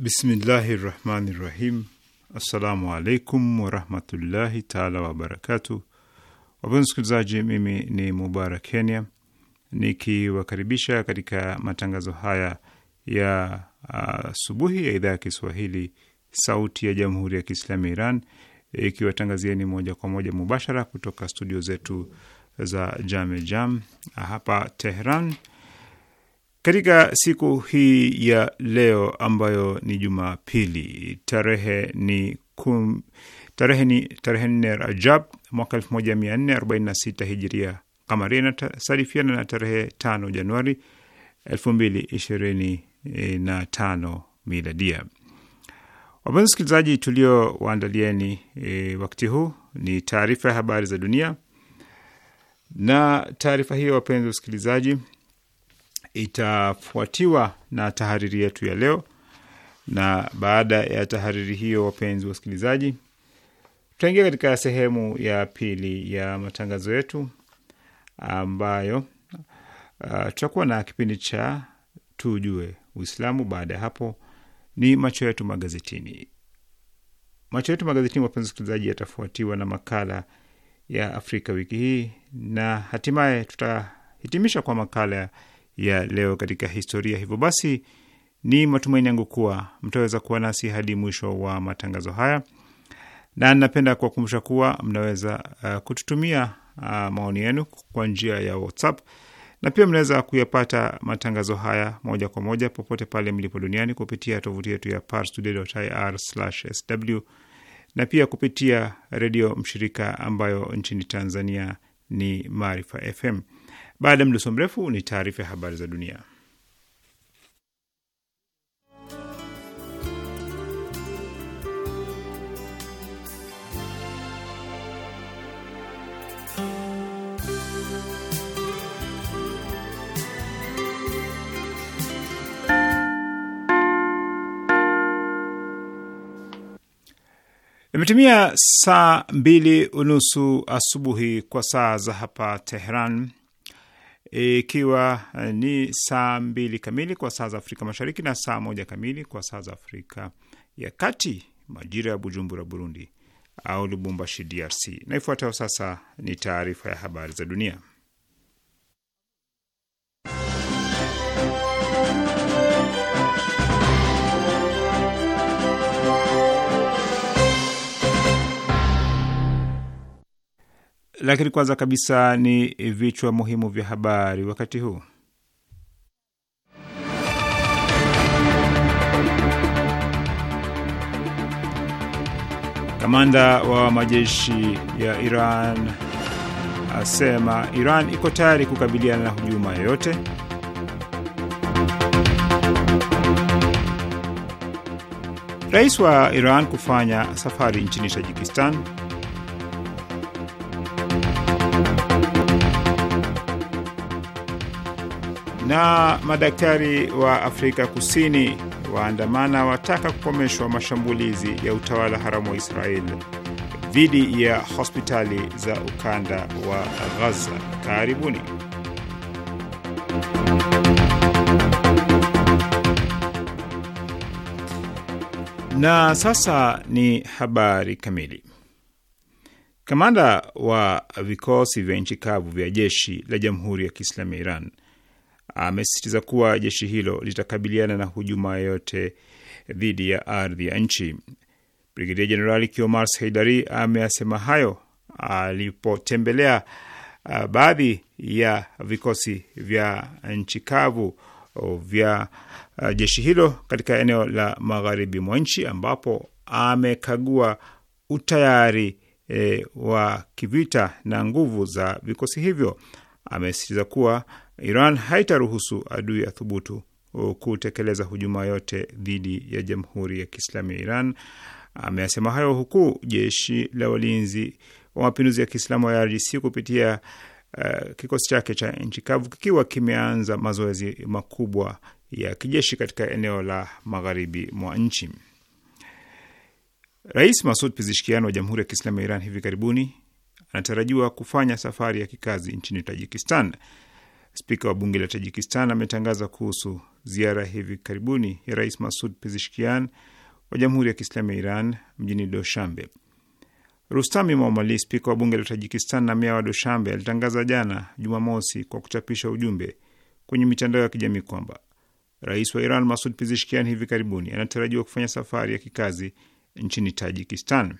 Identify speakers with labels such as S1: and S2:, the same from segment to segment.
S1: Bismillahi rahmani rahim. Assalamu alaikum warahmatullahi taala wabarakatu. Wapenzi msikilizaji mimi ni Mubarak Kenya nikiwakaribisha katika matangazo haya ya uh, asubuhi uh, ya idhaa ya Kiswahili sauti ya jamhuri ya Kiislamu ya Iran ikiwatangazieni moja kwa moja mubashara kutoka studio zetu za Jamejam Jam hapa Tehran katika siku hii ya leo ambayo ni Jumapili, tarehe ni kum, tarehe ni tarehe nne Rajab mwaka sita hijiria kamaria, inasadifiana na tarehe tano Januari tano miladia. Wapenzi wasikilizaji, tulio waandalieni e, wakati huu ni taarifa ya habari za dunia, na taarifa hiyo wapenzi wasikilizaji itafuatiwa na tahariri yetu ya leo, na baada ya tahariri hiyo, wapenzi wasikilizaji, tutaingia katika sehemu ya pili ya matangazo yetu ambayo uh, tutakuwa na kipindi cha tujue Uislamu. Baada ya hapo ni macho yetu magazetini. Macho yetu magazetini, wapenzi wasikilizaji, yatafuatiwa na makala ya Afrika wiki hii na hatimaye tutahitimisha kwa makala ya leo katika historia. Hivyo basi, ni matumaini yangu kuwa mtaweza kuwa nasi hadi mwisho wa matangazo haya, na napenda kuwakumbusha kuwa mnaweza uh, kututumia uh, maoni yenu kwa njia ya WhatsApp na pia mnaweza kuyapata matangazo haya moja kwa moja popote pale mlipo duniani kupitia tovuti yetu ya parstoday.ir/sw na pia kupitia redio mshirika ambayo nchini Tanzania ni Maarifa FM. Baada ya mdoso mrefu ni taarifa ya habari za dunia. Imetumia saa mbili unusu asubuhi kwa saa za hapa teheran ikiwa eh, ni saa mbili kamili kwa saa za Afrika Mashariki na saa moja kamili kwa saa za Afrika ya Kati, majira ya Bujumbura, Burundi, au Lubumbashi, DRC. Na ifuatayo sasa ni taarifa ya habari za dunia. Lakini kwanza kabisa ni vichwa muhimu vya habari wakati huu. Kamanda wa majeshi ya Iran asema Iran iko tayari kukabiliana na hujuma yoyote. Rais wa Iran kufanya safari nchini Tajikistan. na madaktari wa Afrika Kusini waandamana wataka kukomeshwa mashambulizi ya utawala haramu wa Israel dhidi ya hospitali za ukanda wa Ghaza. Karibuni. Na sasa ni habari kamili. Kamanda wa vikosi vya nchi kavu vya jeshi la Jamhuri ya Kiislamu ya Iran amesisitiza kuwa jeshi hilo litakabiliana na hujuma yote dhidi ya ardhi ya nchi. Brigedia Jenerali Kiomars Heidari ameyasema hayo alipotembelea uh, baadhi ya vikosi vya nchi kavu uh, vya uh, jeshi hilo katika eneo la magharibi mwa nchi ambapo amekagua utayari e, wa kivita na nguvu za vikosi hivyo. Amesisitiza kuwa Iran haitaruhusu adui athubutu uh, kutekeleza hujuma yote dhidi ya Jamhuri ya Kiislamu ya Iran. Ameyasema hayo huku jeshi la walinzi wa mapinduzi ya Kiislamu ya IRGC kupitia uh, kikosi chake cha nchi kavu kikiwa kimeanza mazoezi makubwa ya kijeshi katika eneo la magharibi mwa nchi. Rais Masud pizishkian wa Jamhuri ya Kiislamu ya Iran hivi karibuni anatarajiwa kufanya safari ya kikazi nchini Tajikistan. Spika wa bunge la Tajikistan ametangaza kuhusu ziara hivi karibuni ya Rais Masud pizishkian wa Jamhuri ya Kiislamu ya Iran mjini Doshambe. Rustami Momali, spika wa bunge la Tajikistan na meya wa Doshambe, alitangaza jana Jumamosi kwa kuchapisha ujumbe kwenye mitandao ya kijamii kwamba rais wa Iran Masud pizishkian hivi karibuni anatarajiwa kufanya safari ya kikazi nchini Tajikistan.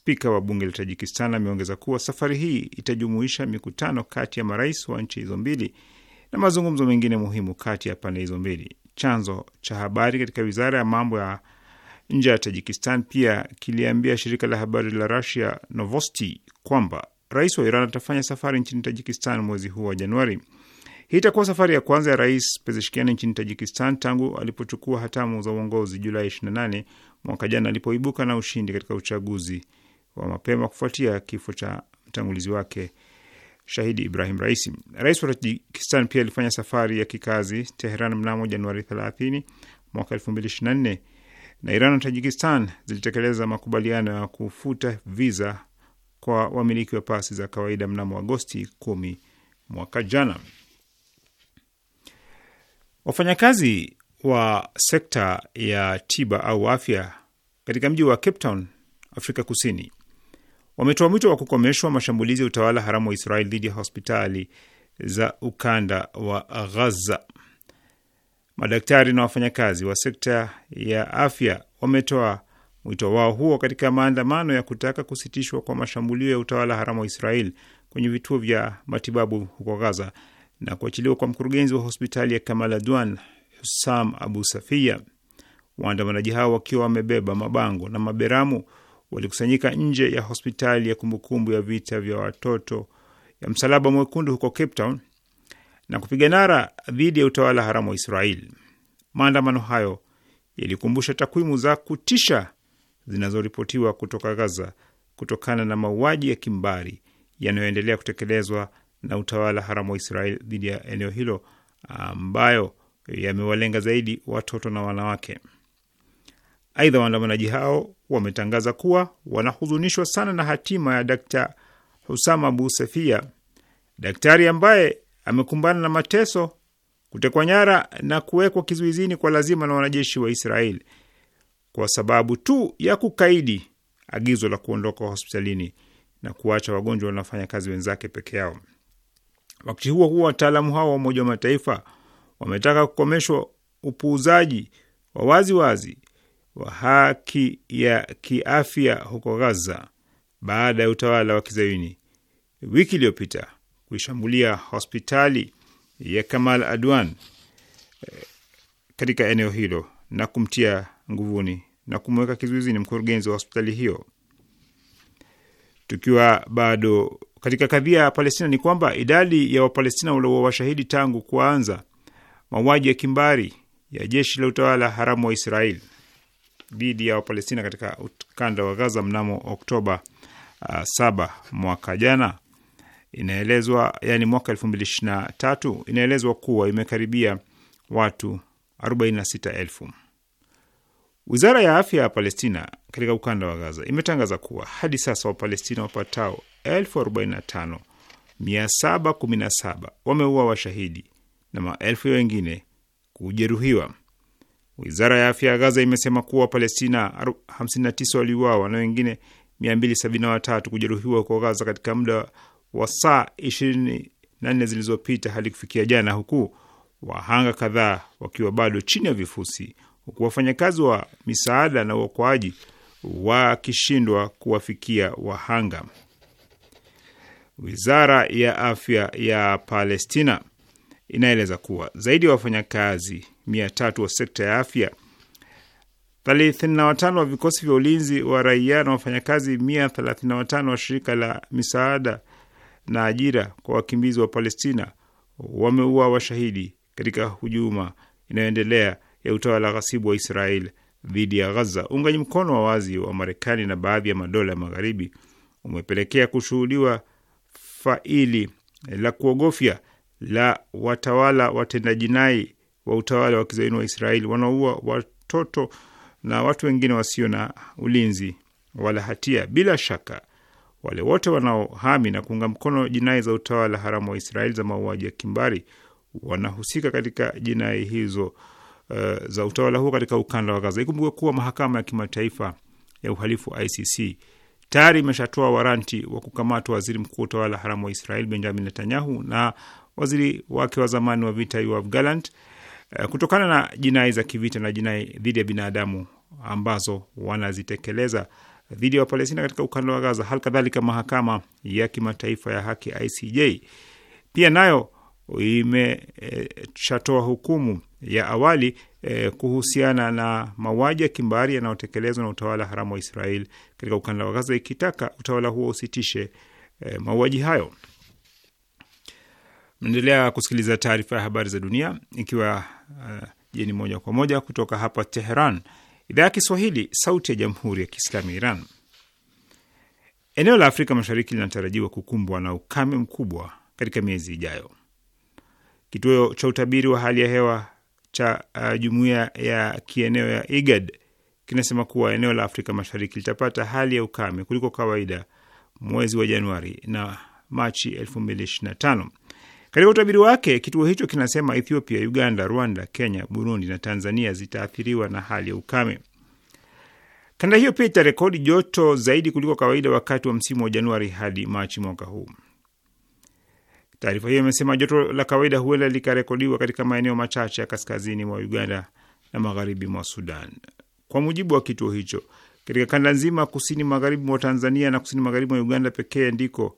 S1: Spika wa bunge la Tajikistan ameongeza kuwa safari hii itajumuisha mikutano kati ya marais wa nchi hizo mbili na mazungumzo mengine muhimu kati ya pande hizo mbili. Chanzo cha habari katika wizara ya mambo ya nje ya Tajikistan pia kiliambia shirika la habari la Russia Novosti kwamba rais wa Iran atafanya safari nchini Tajikistan mwezi huu wa Januari. Hii itakuwa safari ya kwanza ya Rais Pezeshkian nchini Tajikistan tangu alipochukua hatamu za uongozi Julai 28 mwaka jana alipoibuka na ushindi katika uchaguzi wa mapema kufuatia kifo cha mtangulizi wake shahidi Ibrahim Raisi. Rais wa Tajikistan pia alifanya safari ya kikazi Teheran mnamo Januari 30 mwaka 2024 na Iran na Tajikistan zilitekeleza makubaliano ya kufuta viza kwa wamiliki wa pasi za kawaida mnamo Agosti 10 mwaka jana. Wafanyakazi wa sekta ya tiba au afya katika mji wa Cape Town, Afrika Kusini, wametoa mwito wa kukomeshwa mashambulizi ya utawala haramu wa Israeli dhidi ya hospitali za ukanda wa Ghaza. Madaktari na wafanyakazi wa sekta ya afya wametoa mwito wao huo katika maandamano ya kutaka kusitishwa kwa mashambulio ya utawala haramu wa Israeli kwenye vituo vya matibabu huko ghaza na kuachiliwa kwa mkurugenzi wa hospitali ya Kamal Adwan Abu Safia. Waandamanaji hao wakiwa wamebeba mabango na maberamu walikusanyika nje ya hospitali ya kumbukumbu ya vita vya watoto ya Msalaba Mwekundu huko Cape Town na kupiga nara dhidi ya utawala haramu wa israel Maandamano hayo yalikumbusha takwimu za kutisha zinazoripotiwa kutoka Gaza kutokana na mauaji ya kimbari yanayoendelea kutekelezwa na utawala haramu wa israel dhidi ya eneo hilo ambayo yamewalenga zaidi watoto na wanawake. Aidha, waandamanaji hao wametangaza kuwa wanahuzunishwa sana na hatima ya Dkt Husama Abu Safia, daktari ambaye amekumbana na mateso, kutekwa nyara na kuwekwa kizuizini kwa lazima na wanajeshi wa Israeli kwa sababu tu ya kukaidi agizo la kuondoka hospitalini na kuacha wagonjwa na wafanyakazi wenzake peke yao. Wakati huo huo, wataalamu hao wa Umoja wa Mataifa wametaka kukomeshwa upuuzaji wa waziwazi wa haki ya kiafya huko Gaza baada ya utawala wa kizayuni wiki iliyopita kuishambulia hospitali ya Kamal Adwan eh, katika eneo hilo na kumtia nguvuni na kumweka kizuizini mkurugenzi wa hospitali hiyo. Tukiwa bado katika kadhia ya Palestina, ni kwamba idadi ya Wapalestina washahidi tangu kuanza mauaji ya kimbari ya jeshi la utawala haramu wa Israeli dhidi ya Wapalestina katika ukanda wa Gaza mnamo Oktoba uh, saba mwaka jana. Inaelezwa yani mwaka elfu mbili ishirini na tatu inaelezwa kuwa imekaribia watu arobaini na sita elfu. Wizara ya afya ya Palestina katika ukanda wa Gaza imetangaza kuwa hadi sasa Wapalestina wapatao elfu arobaini na tano mia saba kumi na saba washahidi na maelfu wengine kujeruhiwa. Wizara ya afya ya Gaza imesema kuwa Wapalestina 59 waliuawa na wengine 273 kujeruhiwa huko Gaza katika muda wa saa 24 zilizopita hadi kufikia jana, huku wahanga kadhaa wakiwa bado chini ya vifusi, huku wafanyakazi wa misaada na uokoaji wakishindwa kuwafikia wahanga. Wizara ya afya ya Palestina inaeleza kuwa zaidi ya wafanyakazi mia tatu wa sekta ya afya, thelathini na watano wa vikosi vya ulinzi wa raia na wafanyakazi mia thelathini na watano wa shirika la misaada na ajira kwa wakimbizi wa Palestina wameua washahidi katika hujuma inayoendelea ya utawala ghasibu wa Israel dhidi ya Ghaza. Uungaji mkono wa wazi wa Marekani na baadhi ya madola ya Magharibi umepelekea kushuhudiwa faili la kuogofya la watawala watendaji jinai wa utawala wa kizaini wa Israeli wanaua watoto na watu wengine wasio na ulinzi wala hatia. Bila shaka wale wote wanaohami na kuunga mkono jinai za utawala haramu wa Israeli za mauaji ya kimbari wanahusika katika jinai hizo uh, za utawala huo katika ukanda wa Gaza. Ikumbuke kuwa mahakama ya kimataifa ya uhalifu ICC tayari imeshatoa waranti wa kukamatwa waziri mkuu wa utawala haramu wa Israeli Benjamin Netanyahu na waziri wake wa zamani wa vita Yoav Gallant Eh, kutokana na jinai za kivita na jinai dhidi ya binadamu ambazo wanazitekeleza dhidi ya Wapalestina katika ukanda wa Gaza. Hali kadhalika mahakama ya kimataifa ya haki ICJ pia nayo imeshatoa e, hukumu ya awali e, kuhusiana na mauaji ya kimbari yanayotekelezwa na utawala haramu wa Israel katika ukanda wa Gaza, ikitaka utawala huo usitishe e, mauaji hayo. Mnaendelea kusikiliza taarifa ya habari za dunia ikiwa uh, jeni moja kwa moja kutoka hapa Teheran, idhaa ya Kiswahili, sauti ya jamhuri ya kiislamu ya Iran. Eneo la Afrika Mashariki linatarajiwa kukumbwa na ukame mkubwa katika miezi ijayo. Kituo cha utabiri wa hali ya hewa cha uh, jumuiya ya kieneo ya IGAD kinasema kuwa eneo la Afrika Mashariki litapata hali ya ukame kuliko kawaida mwezi wa Januari na Machi 2025. Katika utabiri wake, kituo hicho kinasema Ethiopia, Uganda, Rwanda, Kenya, Burundi na Tanzania zitaathiriwa na hali ya ukame. Kanda hiyo pia itarekodi joto zaidi kuliko kawaida wakati wa msimu wa Januari hadi Machi mwaka huu. Taarifa hiyo imesema joto la kawaida huenda likarekodiwa katika maeneo machache ya kaskazini mwa Uganda na magharibi mwa Sudan. Kwa mujibu wa kituo hicho, katika kanda nzima kusini magharibi mwa Tanzania na kusini magharibi mwa Uganda pekee ndiko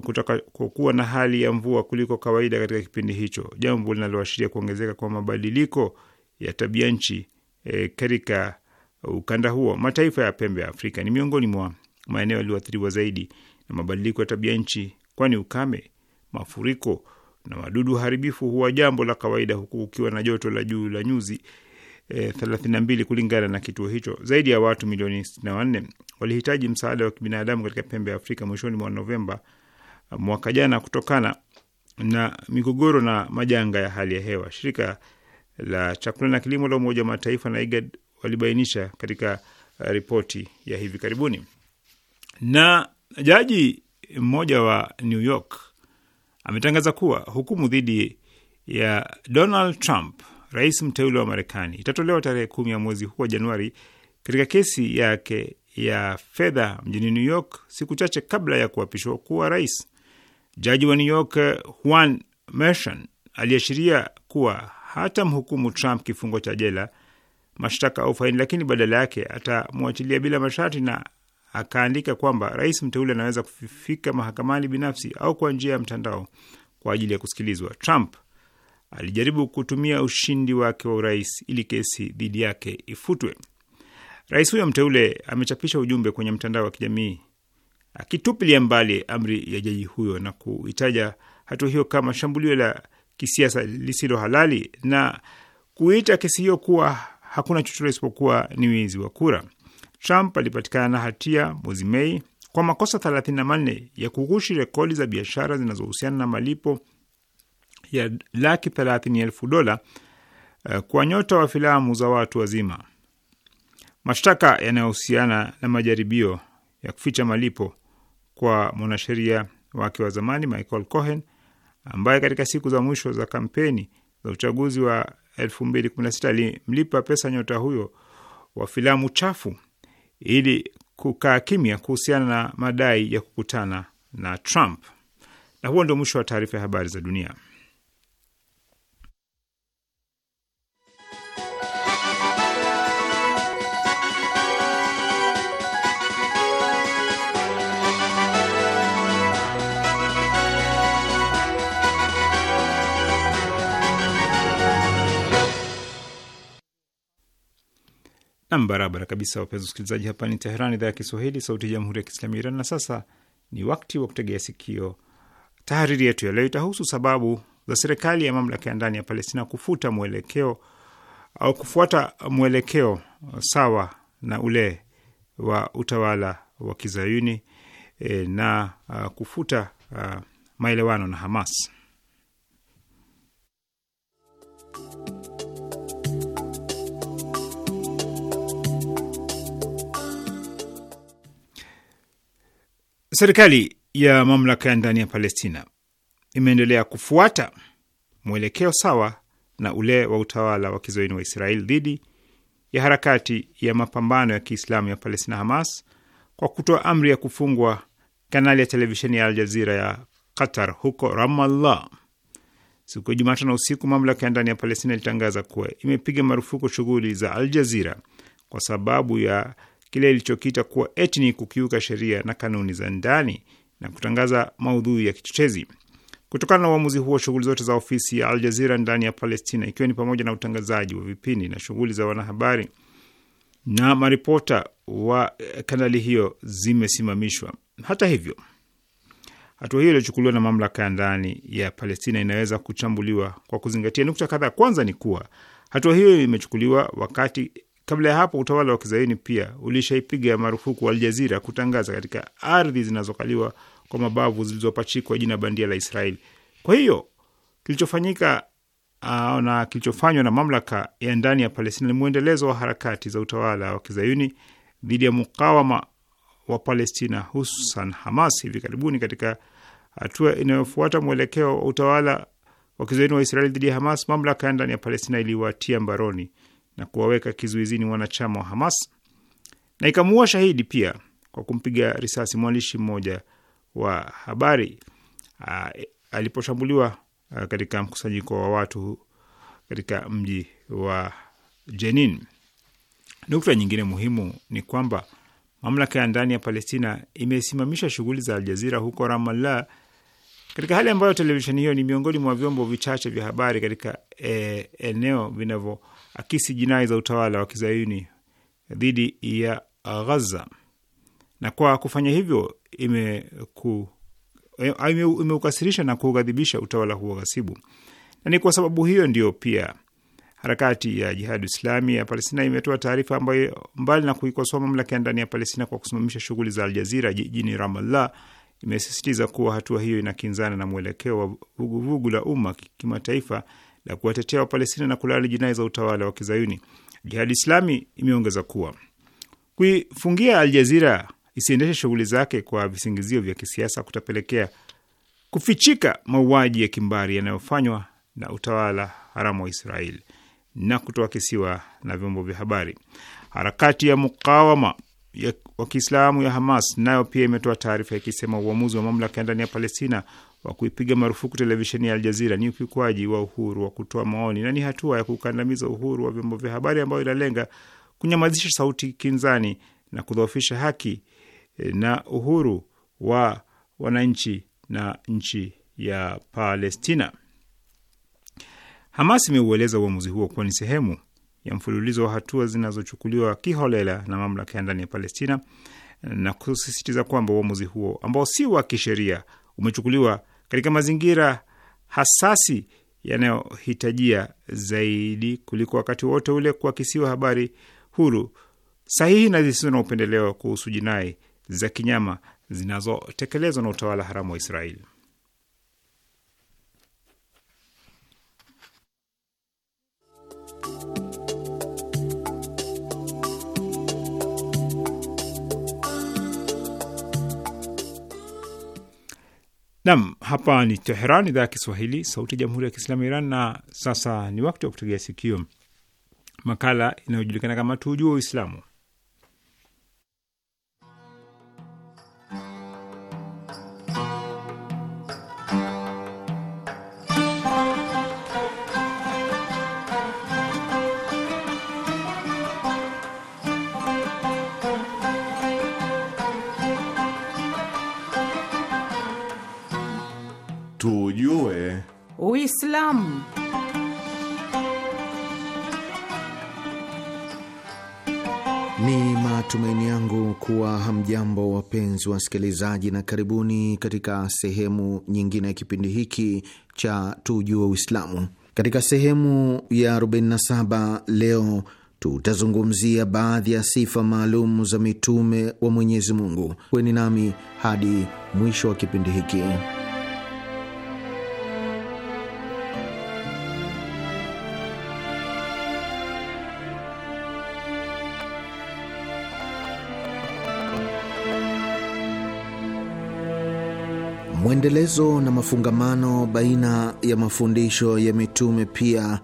S1: kutoka kuwa na hali ya mvua kuliko kawaida katika kipindi hicho, jambo linaloashiria kuongezeka kwa mabadiliko ya tabia nchi e, katika ukanda huo. Mataifa ya pembe ya Afrika ni miongoni mwa maeneo yaliyoathiriwa zaidi na mabadiliko ya tabia nchi, kwani ukame, mafuriko na wadudu haribifu huwa jambo la kawaida, huku kukiwa na joto la juu la nyuzi e, 32 kulingana na kituo hicho. Zaidi ya watu milioni 64 walihitaji msaada wa kibinadamu katika pembe ya Afrika mwishoni mwa Novemba mwaka jana kutokana na migogoro na majanga ya hali ya hewa. Shirika la chakula na kilimo la Umoja wa Mataifa na IGAD walibainisha katika uh, ripoti ya hivi karibuni. Na jaji mmoja wa New York ametangaza kuwa hukumu dhidi ya Donald Trump, rais mteule wa Marekani, itatolewa tarehe kumi ya mwezi huu wa Januari katika kesi yake ya fedha mjini New York, siku chache kabla ya kuapishwa kuwa rais. Jaji wa New York eh, Juan Merchan aliashiria kuwa hata mhukumu Trump kifungo cha jela, mashtaka au faini, lakini badala yake atamwachilia bila masharti, na akaandika kwamba rais mteule anaweza kufika mahakamani binafsi au kwa njia ya mtandao kwa ajili ya kusikilizwa. Trump alijaribu kutumia ushindi wake wa urais ili kesi dhidi yake ifutwe. Rais huyo mteule amechapisha ujumbe kwenye mtandao wa kijamii akitupilia mbali amri ya jaji huyo na kuitaja hatua hiyo kama shambulio la kisiasa lisilo halali na kuita kesi hiyo kuwa hakuna chochote isipokuwa ni wizi wa kura. Trump alipatikana na hatia mwezi Mei kwa makosa 34 ya kughushi rekodi za biashara zinazohusiana na malipo ya laki 30 elfu dola eh, kwa nyota wa filamu za watu wazima. Mashtaka yanayohusiana na majaribio ya kuficha malipo kwa mwanasheria wake wa zamani Michael Cohen ambaye katika siku za mwisho za kampeni za uchaguzi wa 2016 alimlipa pesa nyota huyo wa filamu chafu ili kukaa kimya kuhusiana na madai ya kukutana na Trump. Na huo ndio mwisho wa taarifa ya habari za dunia. Nam, barabara kabisa, wapenzi wasikilizaji, hapa ni Teheran, idhaa ya Kiswahili, sauti ya jamhuri ya kiislamu ya Iran. Na sasa ni wakti wa kutegea sikio. Tahariri yetu ya leo itahusu sababu za serikali ya mamlaka ya ndani ya Palestina kufuta mwelekeo au kufuata mwelekeo sawa na ule wa utawala wa kizayuni e, na a, kufuta a, maelewano na Hamas. Serikali ya mamlaka ya ndani ya Palestina imeendelea kufuata mwelekeo sawa na ule wa utawala wa kizoeni wa Israeli dhidi ya harakati ya mapambano ya Kiislamu ya Palestina, Hamas, kwa kutoa amri ya kufungwa kanali ya televisheni ya aljazira ya Qatar huko Ramallah. Siku ya Jumatano usiku, mamlaka ya ndani ya Palestina ilitangaza kuwa imepiga marufuku shughuli za aljazira kwa sababu ya kile ilichokita kuwa eti ni kukiuka sheria na kanuni za ndani na kutangaza maudhui ya kichochezi. Kutokana na uamuzi huo, shughuli zote za ofisi ya Al Jazira ndani ya Palestina, ikiwa ni pamoja na utangazaji wa vipindi na shughuli za wanahabari na maripota wa eh, kanali hiyo zimesimamishwa. Hata hivyo, hatua hiyo iliyochukuliwa na mamlaka ya ndani ya Palestina inaweza kuchambuliwa kwa kuzingatia nukta kadhaa. Kwanza ni kuwa hatua hiyo imechukuliwa wakati Kabla ya hapo utawala wa kizaini pia ulishaipiga marufuku Aljazira kutangaza katika ardhi zinazokaliwa kwa mabavu zilizopachikwa jina bandia la Israeli. Kwa hiyo kilichofanyika uh, na kilichofanywa na mamlaka ya ndani ya Palestina ni mwendelezo wa harakati za utawala wa kizayuni dhidi ya mukawama wa Palestina, hususan Hamas hivi karibuni, katika hatua inayofuata mwelekeo wa utawala wa kizayuni wa Israeli dhidi ya Hamas. Mamlaka ya ndani ya Palestina iliwatia mbaroni na kuwaweka kizuizini wanachama wa Hamas na ikamuua shahidi pia kwa kumpiga risasi mwandishi mmoja wa habari aliposhambuliwa katika mkusanyiko wa watu katika mji wa Jenin. Nukta nyingine muhimu ni kwamba mamlaka ya ndani ya Palestina imesimamisha shughuli za Aljazira huko Ramallah, katika hali ambayo televisheni hiyo ni miongoni mwa vyombo vichache vya habari katika eh, eneo vinavyo akisi jinai za utawala wa kizayuni dhidi ya Ghaza na kwa kufanya hivyo e, imeukasirisha na kuughadhibisha utawala huo ghasibu, na ni kwa sababu hiyo ndiyo pia harakati ya Jihadi Islami ya Palestina imetoa taarifa ambayo mbali na kuikosoa mamlaka ya ndani ya Palestina kwa kusimamisha shughuli za Aljazira jijini Ramallah, imesisitiza kuwa hatua hiyo inakinzana na mwelekeo wa vuguvugu la umma kimataifa la kuwatetea Wapalestina na kulaani jinai za utawala wa Kizayuni. Jihadi Islami imeongeza kuwa kuifungia Aljazira isiendeshe shughuli zake kwa visingizio vya kisiasa kutapelekea kufichika mauaji ya kimbari yanayofanywa na utawala haramu wa israel na kutoakisiwa na vyombo vya habari. Harakati ya mukawama ya wa Kiislamu ya Hamas nayo pia imetoa taarifa ikisema uamuzi wa mamlaka ya ndani ya Palestina wa kuipiga marufuku televisheni ya Aljazira ni ukiukwaji wa uhuru wa kutoa maoni na ni hatua ya kukandamiza uhuru wa vyombo vya habari ambayo inalenga kunyamazisha sauti kinzani na kudhoofisha haki e, na uhuru wa wananchi na nchi ya Palestina. Hamas imeueleza uamuzi huo kuwa ni sehemu ya mfululizo wa hatua zinazochukuliwa kiholela na mamlaka ya ndani ya Palestina na kusisitiza kwamba uamuzi huo ambao si wa kisheria umechukuliwa katika mazingira hasasi yanayohitajia zaidi kuliko wakati wote ule kuakisiwa habari huru, sahihi na zisizo na upendeleo kuhusu jinai za kinyama zinazotekelezwa na utawala haramu wa Israeli. Nam, hapa ni Teheran, idhaa ya Kiswahili, sauti ya jamhuri ya kiislamu ya Iran. Na sasa ni wakati wa kutegea sikio makala inayojulikana kama tujue Uislamu.
S2: Hamjambo, wapenzi wasikilizaji, na karibuni katika sehemu nyingine ya kipindi hiki cha Tujue Uislamu. Katika sehemu ya 47 leo tutazungumzia baadhi ya sifa maalum za mitume wa Mwenyezi Mungu. Kweni nami hadi mwisho wa kipindi hiki. Mwendelezo na mafungamano baina ya mafundisho ya mitume pia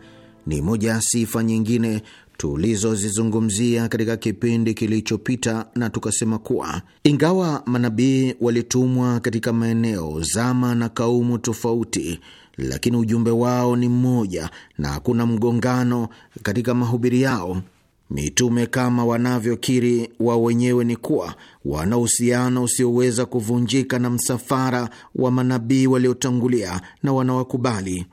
S2: ni moja ya sifa nyingine tulizozizungumzia katika kipindi kilichopita, na tukasema kuwa ingawa manabii walitumwa katika maeneo, zama na kaumu tofauti, lakini ujumbe wao ni mmoja na hakuna mgongano katika mahubiri yao. Mitume kama wanavyokiri wao wenyewe ni kuwa wana uhusiano usioweza kuvunjika na msafara wa manabii waliotangulia na wanawakubali.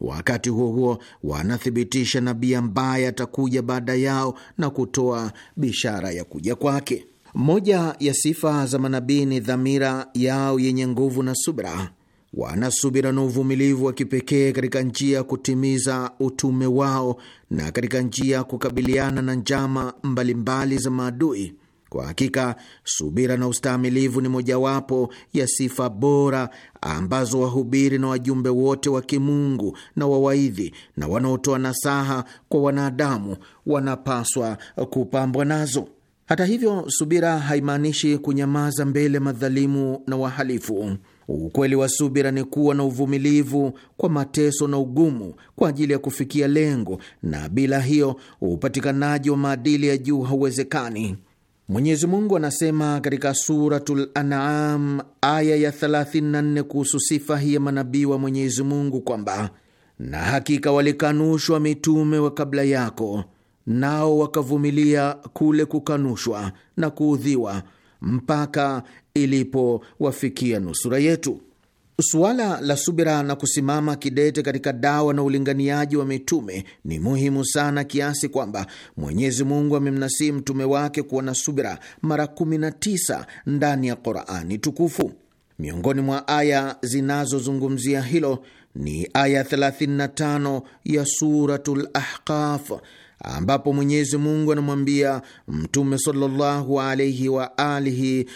S2: Wakati huo huo, wanathibitisha nabii ambaye atakuja baada yao na kutoa bishara ya kuja kwake. Moja ya sifa za manabii ni dhamira yao yenye nguvu na subra wana subira na uvumilivu wa kipekee katika njia ya kutimiza utume wao na katika njia ya kukabiliana na njama mbalimbali mbali za maadui. Kwa hakika subira na ustaamilivu ni mojawapo ya sifa bora ambazo wahubiri na wajumbe wote wa kimungu na wawaidhi na wanaotoa nasaha kwa wanadamu wanapaswa kupambwa nazo. Hata hivyo, subira haimaanishi kunyamaza mbele madhalimu na wahalifu. Ukweli wa subira ni kuwa na uvumilivu kwa mateso na ugumu kwa ajili ya kufikia lengo, na bila hiyo upatikanaji wa maadili ya juu hauwezekani. Mwenyezi Mungu anasema katika Suratul An'am aya ya 34 kuhusu sifa hii ya manabii wa Mwenyezi Mungu kwamba, na hakika walikanushwa mitume wa kabla yako, nao wakavumilia kule kukanushwa na kuudhiwa mpaka ilipowafikia nusura yetu. Suala la subira na kusimama kidete katika dawa na ulinganiaji wa mitume ni muhimu sana kiasi kwamba Mwenyezi Mungu amemnasii wa mtume wake kuwa na subira mara 19 ndani ya Qurani tukufu. Miongoni mwa aya zinazozungumzia hilo ni aya 35 ya Suratul Ahqaf ambapo Mwenyezi Mungu anamwambia Mtume sallallahu alaihi wa alihi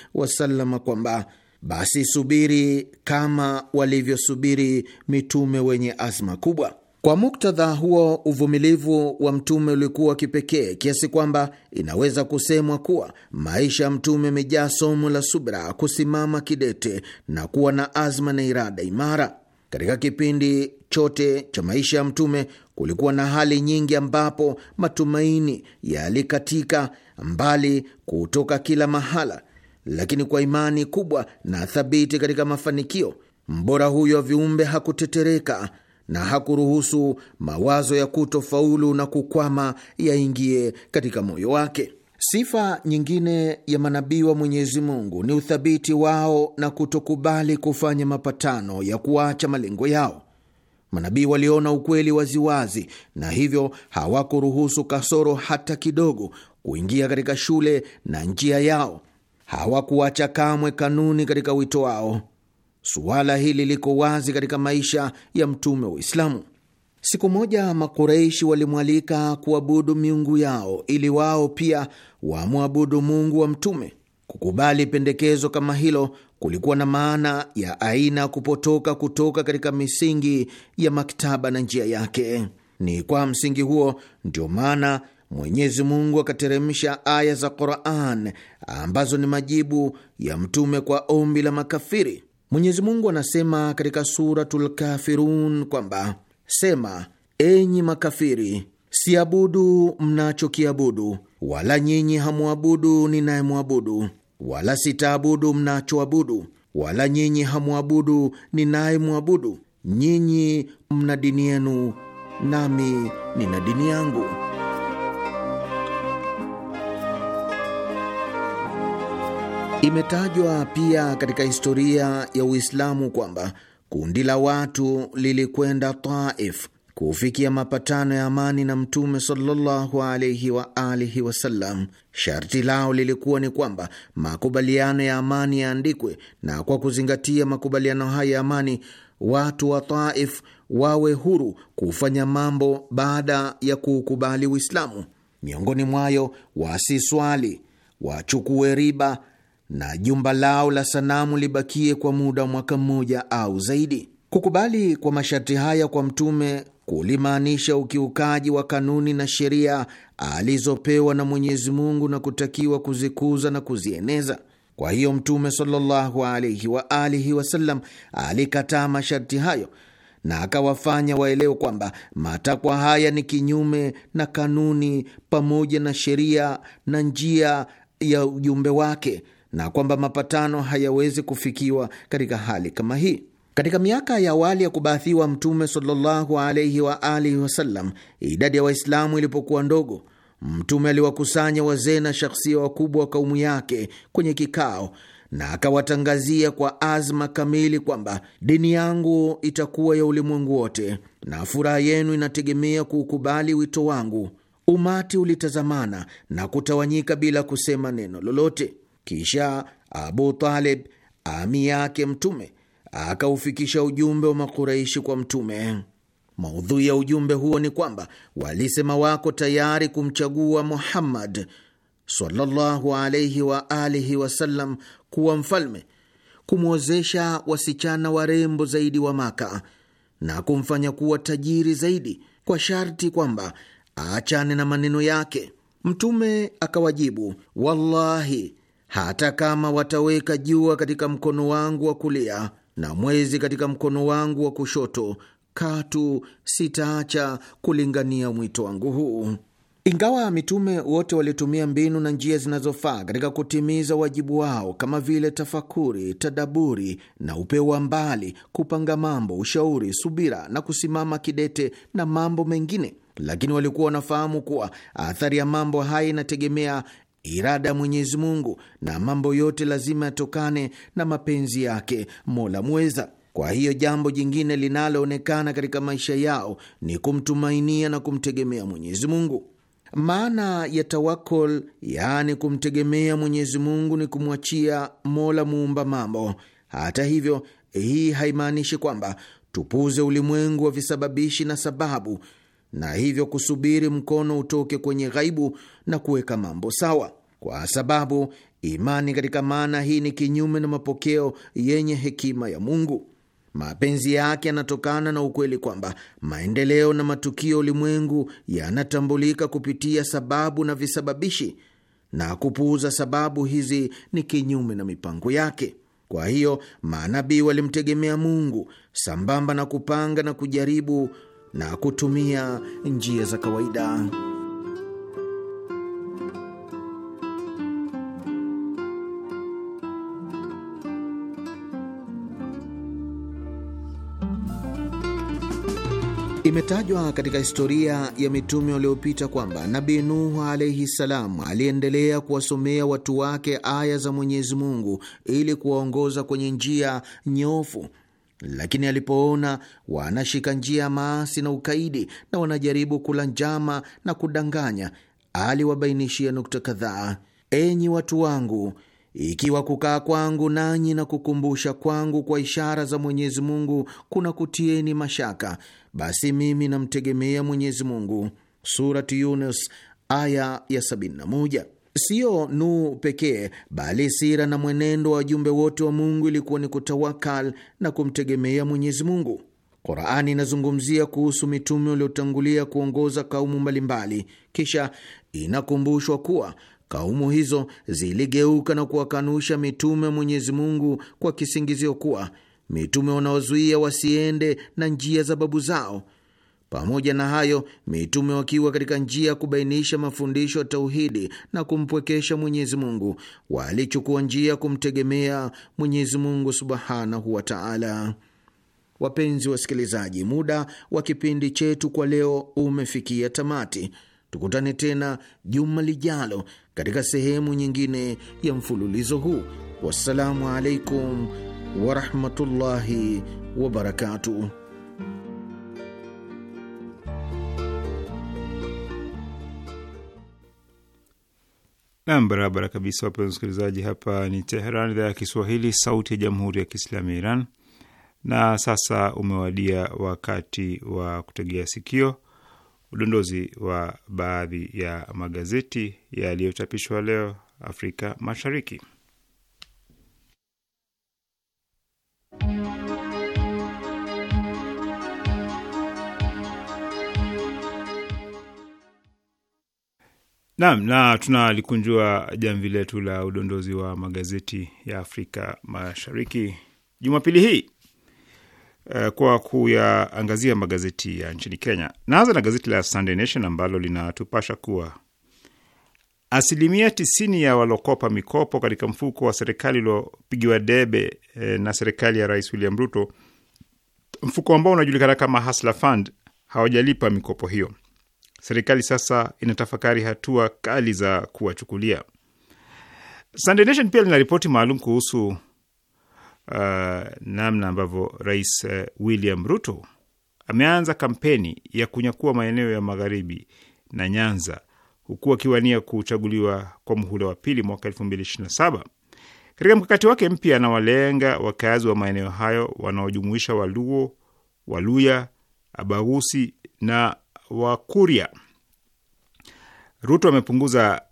S2: kwamba basi subiri kama walivyosubiri mitume wenye azma kubwa. Kwa muktadha huo, uvumilivu wa mtume ulikuwa kipekee kiasi kwamba inaweza kusemwa kuwa maisha ya mtume yamejaa somo la subra, kusimama kidete na kuwa na azma na irada imara. Katika kipindi chote cha maisha ya mtume kulikuwa na hali nyingi ambapo matumaini yalikatika mbali kutoka kila mahala, lakini kwa imani kubwa na thabiti katika mafanikio, mbora huyo wa viumbe hakutetereka na hakuruhusu mawazo ya kutofaulu na kukwama yaingie katika moyo wake. Sifa nyingine ya manabii wa Mwenyezi Mungu ni uthabiti wao na kutokubali kufanya mapatano ya kuacha malengo yao. Manabii waliona ukweli waziwazi, na hivyo hawakuruhusu kasoro hata kidogo kuingia katika shule na njia yao. Hawakuacha kamwe kanuni katika wito wao. Suala hili liko wazi katika maisha ya mtume wa Uislamu. Siku moja Makureishi walimwalika kuabudu miungu yao ili wao pia wamwabudu Mungu wa mtume. Kukubali pendekezo kama hilo kulikuwa na maana ya aina kupotoka kutoka katika misingi ya maktaba na njia yake. Ni kwa msingi huo ndio maana Mwenyezi Mungu akateremsha aya za Qur'an ambazo ni majibu ya mtume kwa ombi la makafiri. Mwenyezi Mungu anasema katika Suratul Kafirun kwamba sema, enyi makafiri, siabudu mnachokiabudu, wala nyinyi hamwabudu ninayemwabudu wala sitaabudu mnachoabudu, wala nyinyi hamwabudu mwabudu Nyinyi mna dini yenu, nami nina dini yangu. Imetajwa pia katika historia ya Uislamu kwamba kundi la watu lilikwenda Taif kufikia mapatano ya amani na Mtume sallallahu alaihi wa alihi wasallam, sharti lao lilikuwa ni kwamba makubaliano ya amani yaandikwe, na kwa kuzingatia makubaliano haya ya amani watu wa Taif wawe huru kufanya mambo baada ya kuukubali Uislamu. Miongoni mwayo wasiswali, wachukue riba na jumba lao la sanamu libakie kwa muda wa mwaka mmoja au zaidi. Kukubali kwa masharti haya kwa Mtume kulimaanisha ukiukaji wa kanuni na sheria alizopewa na Mwenyezi Mungu na kutakiwa kuzikuza na kuzieneza. Kwa hiyo Mtume sallallahu alaihi wa alihi wasallam alikataa masharti hayo na akawafanya waelewe kwamba matakwa haya ni kinyume na kanuni pamoja na sheria na njia ya ujumbe wake na kwamba mapatano hayawezi kufikiwa katika hali kama hii. Katika miaka ya awali ya kubaathiwa Mtume sallallahu alaihi wa alihi wasallam, idadi ya Waislamu ilipokuwa ndogo, Mtume aliwakusanya wazee na shakhsia wakubwa wa kaumu yake kwenye kikao na akawatangazia kwa azma kamili kwamba dini yangu itakuwa ya ulimwengu wote na furaha yenu inategemea kuukubali wito wangu. Umati ulitazamana na kutawanyika bila kusema neno lolote. Kisha Abu Talib ami yake Mtume akaufikisha ujumbe wa Makuraishi kwa Mtume. Maudhui ya ujumbe huo ni kwamba walisema wako tayari kumchagua Muhammad sallallahu alaihi wa alihi wasallam kuwa mfalme, kumwozesha wasichana warembo zaidi wa Maka na kumfanya kuwa tajiri zaidi, kwa sharti kwamba aachane na maneno yake. Mtume akawajibu, wallahi, hata kama wataweka jua katika mkono wangu wa kulia na mwezi katika mkono wangu wa kushoto, katu sitaacha kulingania mwito wangu huu. Ingawa mitume wote walitumia mbinu na njia zinazofaa katika kutimiza wajibu wao kama vile tafakuri, tadaburi na upeo wa mbali, kupanga mambo, ushauri, subira na kusimama kidete na mambo mengine, lakini walikuwa wanafahamu kuwa athari ya mambo haya inategemea irada ya Mwenyezi Mungu, na mambo yote lazima yatokane na mapenzi yake Mola Mweza. Kwa hiyo jambo jingine linaloonekana katika maisha yao ni kumtumainia na kumtegemea Mwenyezi Mungu. Maana ya tawakol, yaani kumtegemea Mwenyezi Mungu, ni kumwachia Mola muumba mambo. Hata hivyo, hii haimaanishi kwamba tupuze ulimwengu wa visababishi na sababu, na hivyo kusubiri mkono utoke kwenye ghaibu na kuweka mambo sawa kwa sababu imani katika maana hii ni kinyume na mapokeo yenye hekima ya Mungu. Mapenzi yake yanatokana na ukweli kwamba maendeleo na matukio ulimwengu yanatambulika kupitia sababu na visababishi, na kupuuza sababu hizi ni kinyume na mipango yake. Kwa hiyo manabii walimtegemea Mungu sambamba na kupanga na kujaribu na kutumia njia za kawaida. Imetajwa katika historia ya mitume waliopita kwamba Nabii Nuhu alaihi salam aliendelea kuwasomea watu wake aya za Mwenyezi Mungu ili kuwaongoza kwenye njia nyofu, lakini alipoona wanashika njia ya maasi na ukaidi na wanajaribu kula njama na kudanganya, aliwabainishia nukta kadhaa: enyi watu wangu ikiwa kukaa kwangu nanyi na kukumbusha kwangu kwa ishara za Mwenyezi Mungu kuna kutieni mashaka, basi mimi namtegemea Mwenyezi Mungu. Surati Yunus aya ya 71. Siyo Nuhu pekee bali sira na mwenendo wa wajumbe wote wa Mungu ilikuwa ni kutawakal na kumtegemea Mwenyezi Mungu. Qurani inazungumzia kuhusu mitume waliotangulia kuongoza kaumu mbalimbali, kisha inakumbushwa kuwa kaumu hizo ziligeuka na kuwakanusha mitume wa Mwenyezi Mungu kwa kisingizio kuwa mitume wanaozuia wasiende na njia za babu zao. Pamoja na hayo, mitume wakiwa katika njia ya kubainisha mafundisho ya tauhidi na kumpwekesha Mwenyezi Mungu, walichukua njia ya kumtegemea Mwenyezi Mungu subhanahu wa taala. Wapenzi wasikilizaji, muda wa kipindi chetu kwa leo umefikia tamati. Tukutane tena juma lijalo katika sehemu nyingine ya mfululizo huu. Wassalamu alaikum warahmatullahi wabarakatuh.
S1: Nam, barabara kabisa, wapenzi msikilizaji hapa ni Teheran, idhaa ya Kiswahili, sauti ya jamhuri ya kiislamu ya Iran. Na sasa umewadia wakati wa kutegea sikio udondozi wa baadhi ya magazeti yaliyochapishwa leo Afrika Mashariki. Naam, na tunalikunjua jamvi letu la udondozi wa magazeti ya Afrika Mashariki Jumapili hii eh, kwa kuyaangazia magazeti ya nchini Kenya. Naanza na gazeti la Sunday Nation ambalo linatupasha kuwa Asilimia tisini ya walokopa mikopo katika mfuko wa serikali uliopigiwa debe e, na serikali ya Rais William Ruto, mfuko ambao unajulikana kama Hasla Fund, hawajalipa mikopo hiyo. Serikali sasa inatafakari hatua kali za kuwachukulia. Sunday Nation pia lina ripoti maalum kuhusu uh, namna ambavyo Rais eh, William Ruto ameanza kampeni ya kunyakua maeneo ya magharibi na Nyanza huku akiwania kuchaguliwa kwa muhula wa pili mwaka 2027. Katika mkakati wake mpya anawalenga wakazi wa maeneo hayo wanaojumuisha Waluo, Waluya, Abagusi na Wakuria. Ruto amepunguza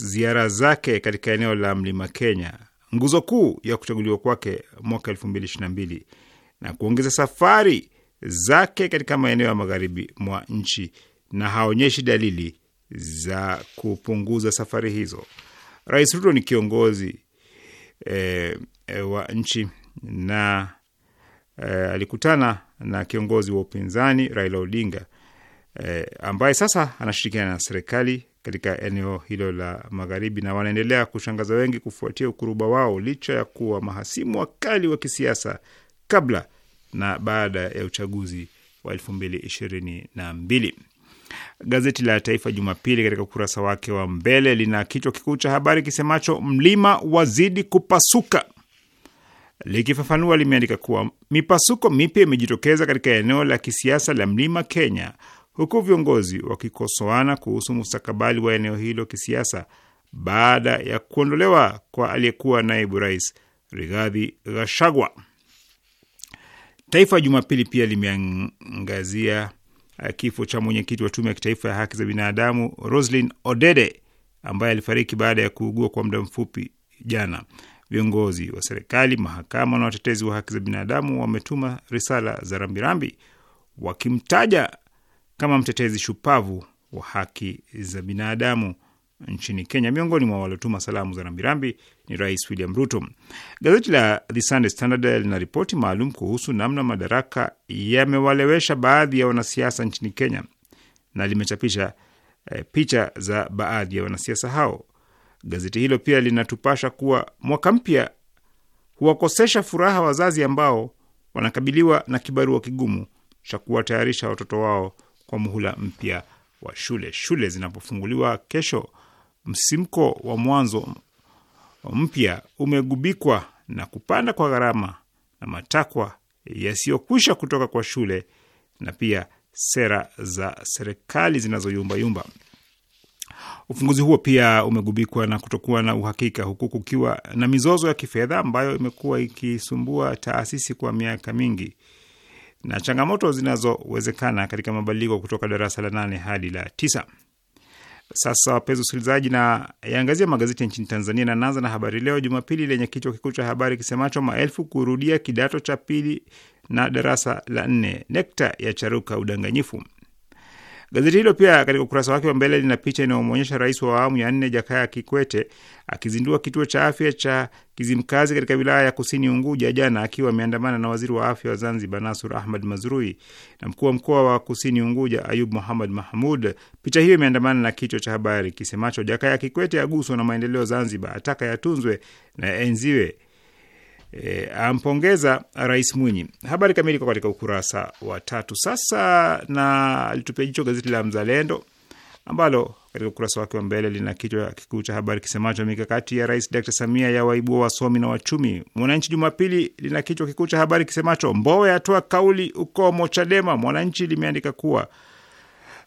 S1: ziara zake katika eneo la mlima Kenya, nguzo kuu ya kuchaguliwa kwake mwaka 2022 na kuongeza safari zake katika maeneo ya magharibi mwa nchi, na haonyeshi dalili za kupunguza safari hizo. Rais Ruto ni kiongozi e, e, wa nchi na e, alikutana na kiongozi wa upinzani Raila Odinga e, ambaye sasa anashirikiana na serikali katika eneo hilo la magharibi na wanaendelea kushangaza wengi kufuatia ukuruba wao licha ya kuwa mahasimu wakali wa kisiasa kabla na baada ya uchaguzi wa elfu mbili ishirini na mbili. Gazeti la Taifa Jumapili katika ukurasa wake wa mbele lina kichwa kikuu cha habari kisemacho mlima wazidi kupasuka. Likifafanua limeandika kuwa mipasuko mipya imejitokeza katika eneo la kisiasa la mlima Kenya, huku viongozi wakikosoana kuhusu mustakabali wa eneo hilo kisiasa baada ya kuondolewa kwa aliyekuwa naibu rais Rigathi Gachagua. Taifa Jumapili pia limeangazia Eh, kifo cha mwenyekiti wa tume ya kitaifa ya haki za binadamu Roslin Odede ambaye alifariki baada ya kuugua kwa muda mfupi jana. Viongozi wa serikali, mahakama na watetezi wa haki za binadamu wametuma risala za rambirambi wakimtaja kama mtetezi shupavu wa haki za binadamu nchini Kenya. Miongoni mwa waliotuma salamu za rambirambi ni Rais William Ruto. Gazeti la The Sunday Standard lina ripoti maalum kuhusu namna madaraka yamewalewesha baadhi ya wanasiasa nchini Kenya na limechapisha eh, picha za baadhi ya wanasiasa hao. Gazeti hilo pia linatupasha kuwa mwaka mpya huwakosesha furaha wazazi ambao wanakabiliwa na kibarua wa kigumu cha kuwatayarisha watoto wao kwa muhula mpya wa shule. Shule zinapofunguliwa kesho, msimko wa mwanzo mpya umegubikwa na kupanda kwa gharama na matakwa yasiyokwisha kutoka kwa shule na pia sera za serikali zinazoyumbayumba. Ufunguzi huo pia umegubikwa na kutokuwa na uhakika, huku kukiwa na mizozo ya kifedha ambayo imekuwa ikisumbua taasisi kwa miaka mingi na changamoto zinazowezekana katika mabadiliko kutoka darasa la nane hadi la tisa. Sasa wapenzi usikilizaji, na yaangazia magazeti nchini Tanzania na naanza na Habari Leo Jumapili lenye kichwa kikuu cha habari kisemacho maelfu kurudia kidato cha pili na darasa la nne, nekta ya charuka udanganyifu. Gazeti hilo pia katika ukurasa wake wa mbele lina picha inayomwonyesha rais wa awamu ya nne Jakaya Kikwete akizindua kituo cha afya cha Kizimkazi katika wilaya ya Kusini Unguja jana akiwa ameandamana na waziri wa afya wa Zanzibar Nasur Ahmad Mazrui na mkuu wa mkoa wa Kusini Unguja Ayub Muhammad Mahmud. Picha hiyo imeandamana na kichwa cha habari kisemacho Jakaya Kikwete aguswa na maendeleo Zanzibar, ataka yatunzwe na yaenziwe e, ampongeza Rais Mwinyi. Habari kamili kwa katika ukurasa wa tatu. Sasa na litupia jicho gazeti la Mzalendo ambalo katika ukurasa wake wa mbele lina kichwa kikuu cha habari kisemacho mikakati ya Rais Dr Samia ya waibua wasomi na wachumi. Mwananchi Jumapili lina kichwa kikuu cha habari kisemacho Mbowe atoa kauli ukomo Chadema. Mwananchi limeandika kuwa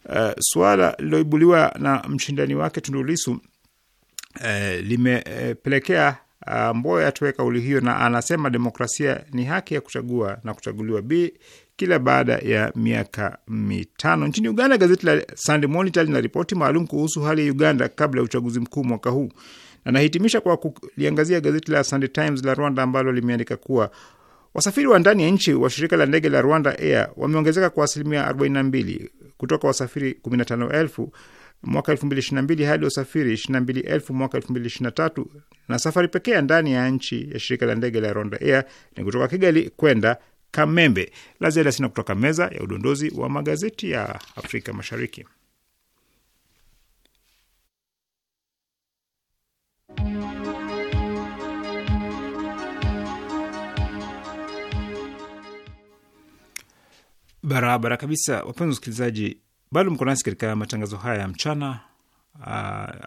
S1: uh, suala liloibuliwa na mshindani wake Tundu Lissu uh, limepelekea uh, Uh, Mbowe atoe kauli hiyo na anasema demokrasia ni haki ya kuchagua na kuchaguliwa bi kila baada ya miaka mitano. Nchini Uganda, gazeti la Sunday Monitor lina ripoti maalum kuhusu hali ya Uganda kabla ya uchaguzi mkuu mwaka huu, na nahitimisha kwa kuliangazia gazeti la Sunday Times la Rwanda ambalo limeandika kuwa wasafiri wa ndani ya nchi wa shirika la ndege la Rwanda Air wameongezeka kwa asilimia 42 kutoka wasafiri 15,000 mwaka 2022 hadi wasafiri 22,000 mwaka 2023, na safari pekee ya ndani ya nchi ya shirika la ndege la Rwanda Air ni kutoka Kigali kwenda Kamembe. La ziada sina kutoka meza ya udondozi wa magazeti ya Afrika Mashariki. Barabara kabisa, wapenzi wasikilizaji. Bado mko nasi katika matangazo haya ya mchana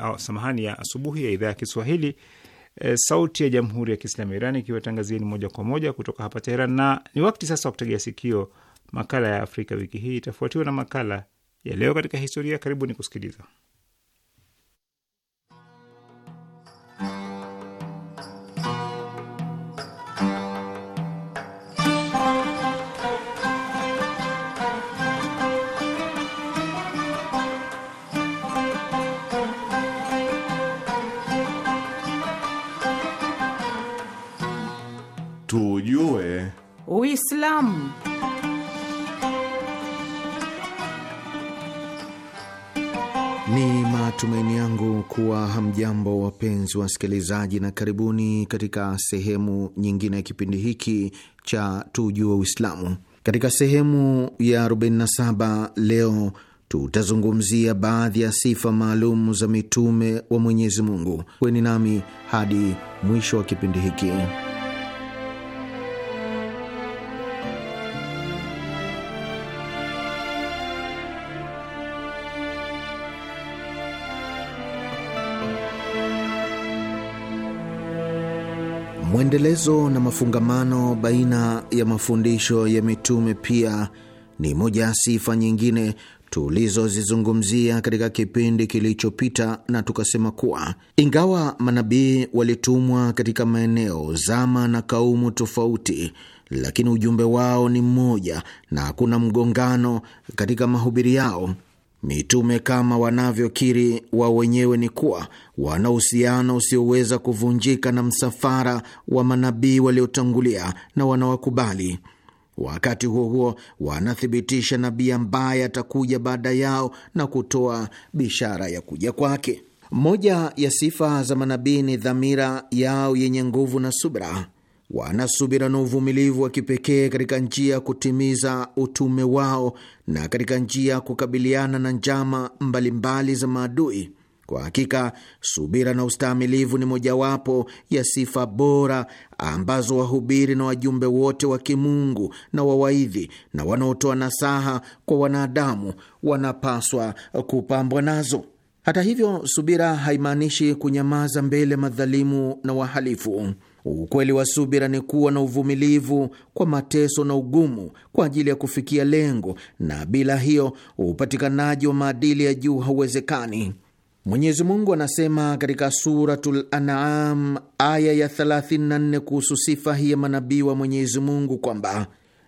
S1: uh, samahani ya asubuhi ya idhaa ya Kiswahili e, sauti ya jamhuri ya kiislamu ya Iran ikiwatangazieni moja kwa moja kutoka hapa Teheran, na ni wakati sasa wa kutegea sikio makala ya Afrika wiki hii, itafuatiwa na makala ya leo katika historia. karibu ni kusikiliza.
S2: tujue
S3: Uislamu.
S2: Ni matumaini yangu kuwa hamjambo wapenzi wasikilizaji, na karibuni katika sehemu nyingine ya kipindi hiki cha tujue Uislamu. Katika sehemu ya 47 leo tutazungumzia baadhi ya sifa maalum za mitume wa Mwenyezi Mungu. Kweni nami hadi mwisho wa kipindi hiki. Mwendelezo na mafungamano baina ya mafundisho ya mitume pia ni moja ya sifa nyingine tulizozizungumzia katika kipindi kilichopita, na tukasema kuwa ingawa manabii walitumwa katika maeneo, zama na kaumu tofauti, lakini ujumbe wao ni mmoja na hakuna mgongano katika mahubiri yao. Mitume kama wanavyokiri wao wenyewe ni kuwa wana uhusiano usioweza kuvunjika na msafara wa manabii waliotangulia na wanawakubali. Wakati huo huo, wanathibitisha nabii ambaye atakuja baada yao na kutoa bishara ya kuja kwake. Moja ya sifa za manabii ni dhamira yao yenye nguvu na subra wana subira na uvumilivu wa kipekee katika njia ya kutimiza utume wao na katika njia ya kukabiliana na njama mbalimbali mbali za maadui. Kwa hakika subira na ustaamilivu ni mojawapo ya sifa bora ambazo wahubiri na wajumbe wote wa kimungu na wawaidhi na wanaotoa nasaha kwa wanadamu wanapaswa kupambwa nazo. Hata hivyo, subira haimaanishi kunyamaza mbele madhalimu na wahalifu. Ukweli wa subira ni kuwa na uvumilivu kwa mateso na ugumu kwa ajili ya kufikia lengo, na bila hiyo upatikanaji wa maadili ya juu hauwezekani. Mwenyezi Mungu anasema katika Suratul An'am aya ya 34 kuhusu sifa hii ya manabii wa Mwenyezi Mungu kwamba,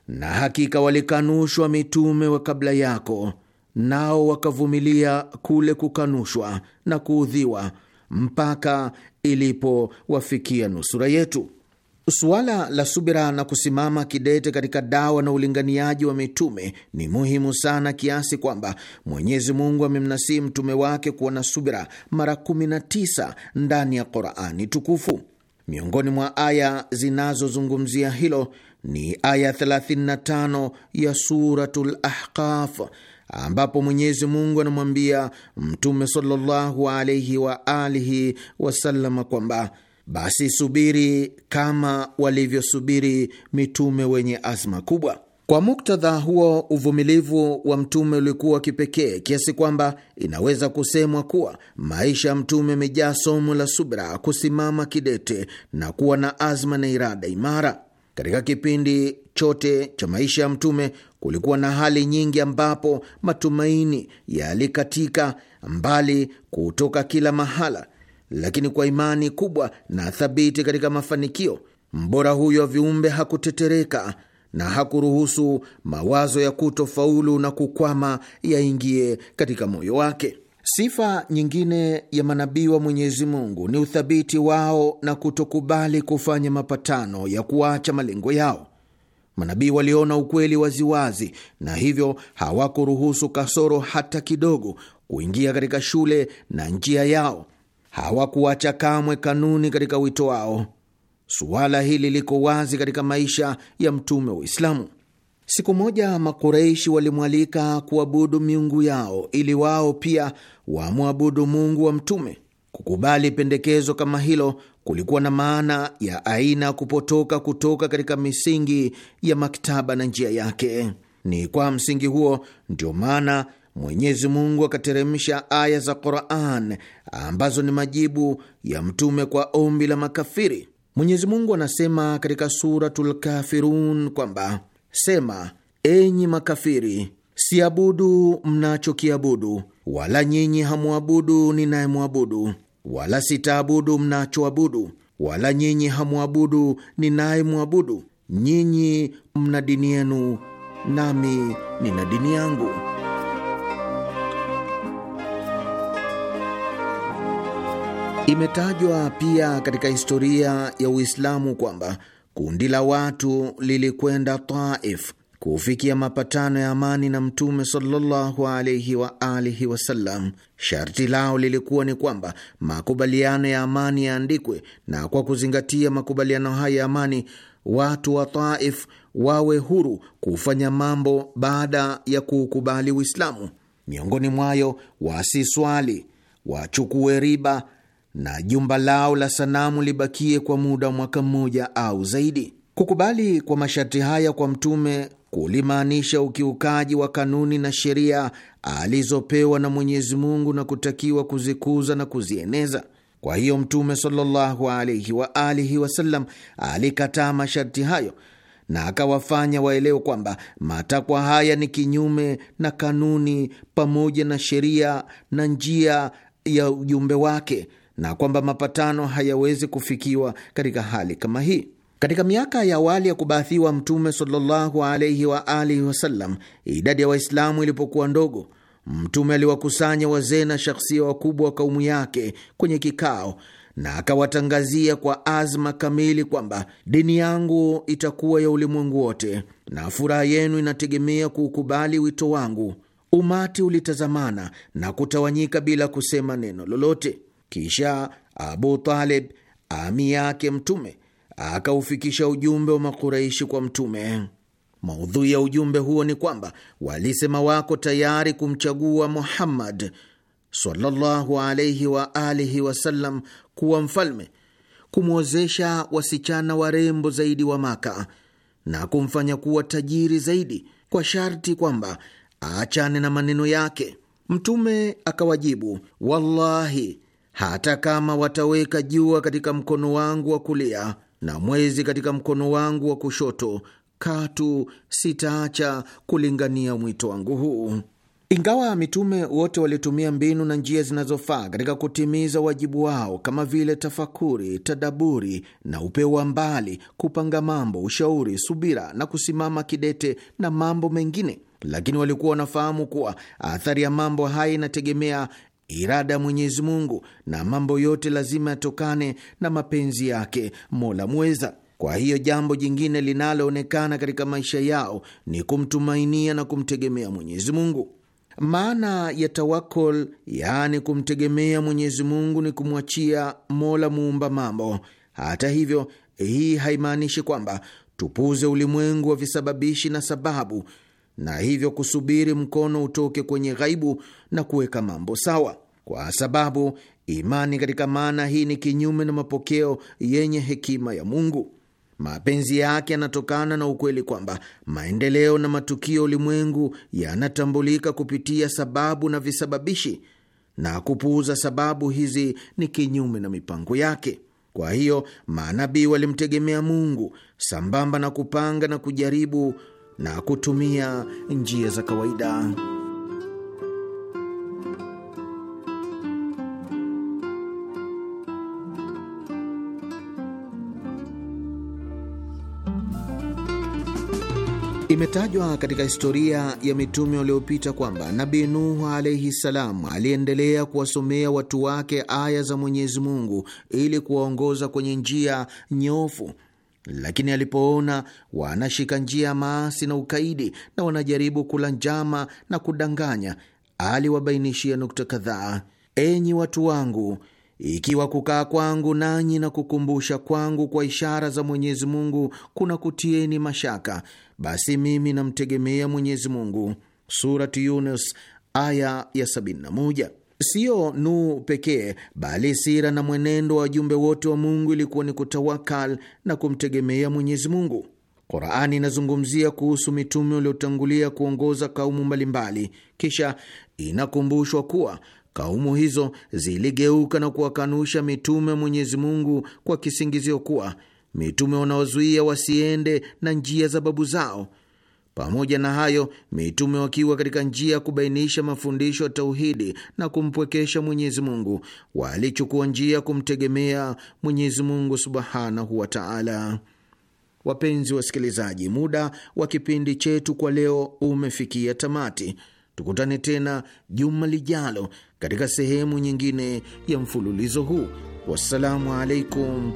S2: na hakika walikanushwa mitume wa kabla yako, nao wakavumilia kule kukanushwa na kuudhiwa mpaka ilipowafikia nusura yetu. Suala la subira na kusimama kidete katika dawa na ulinganiaji wa mitume ni muhimu sana kiasi kwamba Mwenyezi Mungu amemnasii mtume wake kuwa na subira mara 19 ndani ya Qurani tukufu. Miongoni mwa aya zinazozungumzia hilo ni aya 35 ya Suratul Ahqaf ambapo Mwenyezi Mungu anamwambia Mtume sallallahu alaihi wa alihi kwamba basi subiri kama walivyosubiri mitume wenye azma kubwa. Kwa muktadha huo, uvumilivu wa mtume ulikuwa kipekee kiasi kwamba inaweza kusemwa kuwa maisha ya mtume yamejaa somo la subra, kusimama kidete na kuwa na azma na irada imara. Katika kipindi chote cha maisha ya Mtume kulikuwa na hali nyingi ambapo matumaini yalikatika mbali kutoka kila mahala, lakini kwa imani kubwa na thabiti katika mafanikio, mbora huyo wa viumbe hakutetereka na hakuruhusu mawazo ya kutofaulu na kukwama yaingie katika moyo wake. Sifa nyingine ya manabii wa Mwenyezi Mungu ni uthabiti wao na kutokubali kufanya mapatano ya kuacha malengo yao. Manabii waliona ukweli waziwazi, na hivyo hawakuruhusu kasoro hata kidogo kuingia katika shule na njia yao. Hawakuacha kamwe kanuni katika wito wao. Suala hili liko wazi katika maisha ya mtume wa Uislamu. Siku moja Makureishi walimwalika kuabudu miungu yao ili wao pia wamwabudu Mungu wa Mtume. Kukubali pendekezo kama hilo kulikuwa na maana ya aina kupotoka kutoka katika misingi ya maktaba na njia yake. Ni kwa msingi huo ndio maana Mwenyezi Mungu akateremsha aya za Qur'an ambazo ni majibu ya mtume kwa ombi la makafiri. Mwenyezi Mungu anasema katika Suratul Kafirun kwamba Sema, enyi makafiri, siabudu mnachokiabudu, wala nyinyi hamwabudu ninayemwabudu, wala sitaabudu mnachoabudu, wala nyinyi hamwabudu ninayemwabudu. Nyinyi mna dini yenu, nami nina dini yangu. Imetajwa pia katika historia ya Uislamu kwamba kundi la watu lilikwenda Taif kufikia mapatano ya amani na Mtume sallallahu alaihi wa alihi wasallam. Sharti lao lilikuwa ni kwamba makubaliano ya amani yaandikwe, na kwa kuzingatia makubaliano haya ya amani, watu wa Taif wawe huru kufanya mambo baada ya kuukubali Uislamu. Miongoni mwayo wasiswali, wachukue riba na jumba lao la sanamu libakie kwa muda wa mwaka mmoja au zaidi. Kukubali kwa masharti haya kwa Mtume kulimaanisha ukiukaji wa kanuni na sheria alizopewa na Mwenyezi Mungu na kutakiwa kuzikuza na kuzieneza. Kwa hiyo Mtume sallallahu alaihi wa alihi wasallam alikataa masharti hayo na akawafanya waelewe kwamba matakwa haya ni kinyume na kanuni pamoja na sheria na njia ya ujumbe wake na kwamba mapatano hayawezi kufikiwa katika hali kama hii. Katika miaka ya awali ya kubaathiwa Mtume sallallahu alaihi wa alihi wasallam, idadi ya Waislamu ilipokuwa ndogo, Mtume aliwakusanya wazee na shakhsia wakubwa wa kaumu yake kwenye kikao na akawatangazia kwa azma kamili kwamba dini yangu itakuwa ya ulimwengu wote na furaha yenu inategemea kuukubali wito wangu. Umati ulitazamana na kutawanyika bila kusema neno lolote. Kisha Abu Talib ami yake Mtume akaufikisha ujumbe wa Makuraishi kwa Mtume. Maudhui ya ujumbe huo ni kwamba walisema wako tayari kumchagua Muhammad sallallahu alaihi wa alihi wasallam kuwa mfalme, kumwozesha wasichana warembo zaidi wa Maka na kumfanya kuwa tajiri zaidi, kwa sharti kwamba aachane na maneno yake. Mtume akawajibu, wallahi hata kama wataweka jua katika mkono wangu wa kulia na mwezi katika mkono wangu wa kushoto, katu sitaacha kulingania mwito wangu huu. Ingawa mitume wote walitumia mbinu na njia zinazofaa katika kutimiza wajibu wao kama vile tafakuri, tadaburi na upeo wa mbali, kupanga mambo, ushauri, subira na kusimama kidete na mambo mengine, lakini walikuwa wanafahamu kuwa athari ya mambo haya inategemea irada ya Mwenyezi Mungu, na mambo yote lazima yatokane na mapenzi yake Mola Mweza. Kwa hiyo jambo jingine linaloonekana katika maisha yao ni kumtumainia na kumtegemea Mwenyezi Mungu. Maana ya tawakol, yaani kumtegemea Mwenyezi Mungu, ni kumwachia Mola muumba mambo. Hata hivyo, hii haimaanishi kwamba tupuze ulimwengu wa visababishi na sababu na hivyo kusubiri mkono utoke kwenye ghaibu na kuweka mambo sawa, kwa sababu imani katika maana hii ni kinyume na mapokeo yenye hekima ya Mungu. Mapenzi yake yanatokana na ukweli kwamba maendeleo na matukio ulimwengu yanatambulika kupitia sababu na visababishi, na kupuuza sababu hizi ni kinyume na mipango yake. Kwa hiyo manabii walimtegemea Mungu sambamba na kupanga na kujaribu na kutumia njia za kawaida. Imetajwa katika historia ya mitume waliopita kwamba Nabii Nuhu alaihi salam aliendelea kuwasomea watu wake aya za Mwenyezi Mungu ili kuwaongoza kwenye njia nyofu lakini alipoona wanashika njia ya maasi na ukaidi na wanajaribu kula njama na kudanganya, aliwabainishia nukta kadhaa: enyi watu wangu, ikiwa kukaa kwangu nanyi na kukumbusha kwangu kwa ishara za Mwenyezi Mungu kuna kutieni mashaka, basi mimi namtegemea Mwenyezi Mungu. Surati Yunus aya ya 71 siyo nu pekee, bali sira na mwenendo wa wajumbe wote wa Mungu ilikuwa ni kutawakal na kumtegemea Mwenyezi Mungu. Qurani inazungumzia kuhusu mitume waliotangulia kuongoza kaumu mbalimbali, kisha inakumbushwa kuwa kaumu hizo ziligeuka na kuwakanusha mitume Mwenyezi Mungu kwa kisingizio kuwa mitume wanaozuia wasiende na njia za babu zao pamoja na hayo, mitume wakiwa katika njia ya kubainisha mafundisho ya tauhidi na kumpwekesha Mwenyezi Mungu, walichukua njia ya kumtegemea Mwenyezi Mungu subhanahu wa taala. Wapenzi wasikilizaji, muda wa kipindi chetu kwa leo umefikia tamati. Tukutane tena juma lijalo katika sehemu nyingine ya mfululizo huu. Wassalamu alaikum